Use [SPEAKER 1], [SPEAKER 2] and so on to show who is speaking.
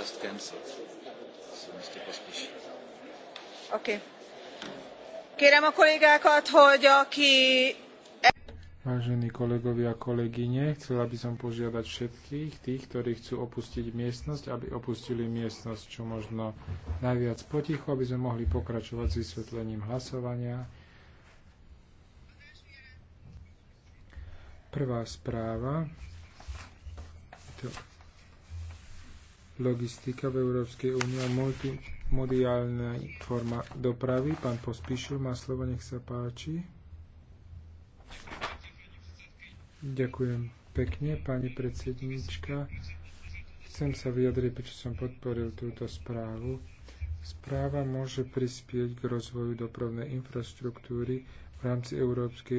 [SPEAKER 1] just cancelled. So Mr. Pospíš.
[SPEAKER 2] Okay. Kérem a kollégákat, hogy aki...
[SPEAKER 3] Vážení kolegovia a kolegyne, chcela by som požiadať všetkých tých, ktorí chcú opustiť miestnosť, aby opustili miestnosť čo možno najviac potichu, aby sme mohli pokračovať s vysvetlením hlasovania. Prvá správa logistika v Európskej únii a multimodiálna forma dopravy. Pán Pospíšil má slovo, nech sa páči. Ďakujem pekne, pani predsednička. Chcem sa vyjadriť, prečo som podporil túto správu. Správa môže prispieť k rozvoju dopravnej infraštruktúry v rámci Európskej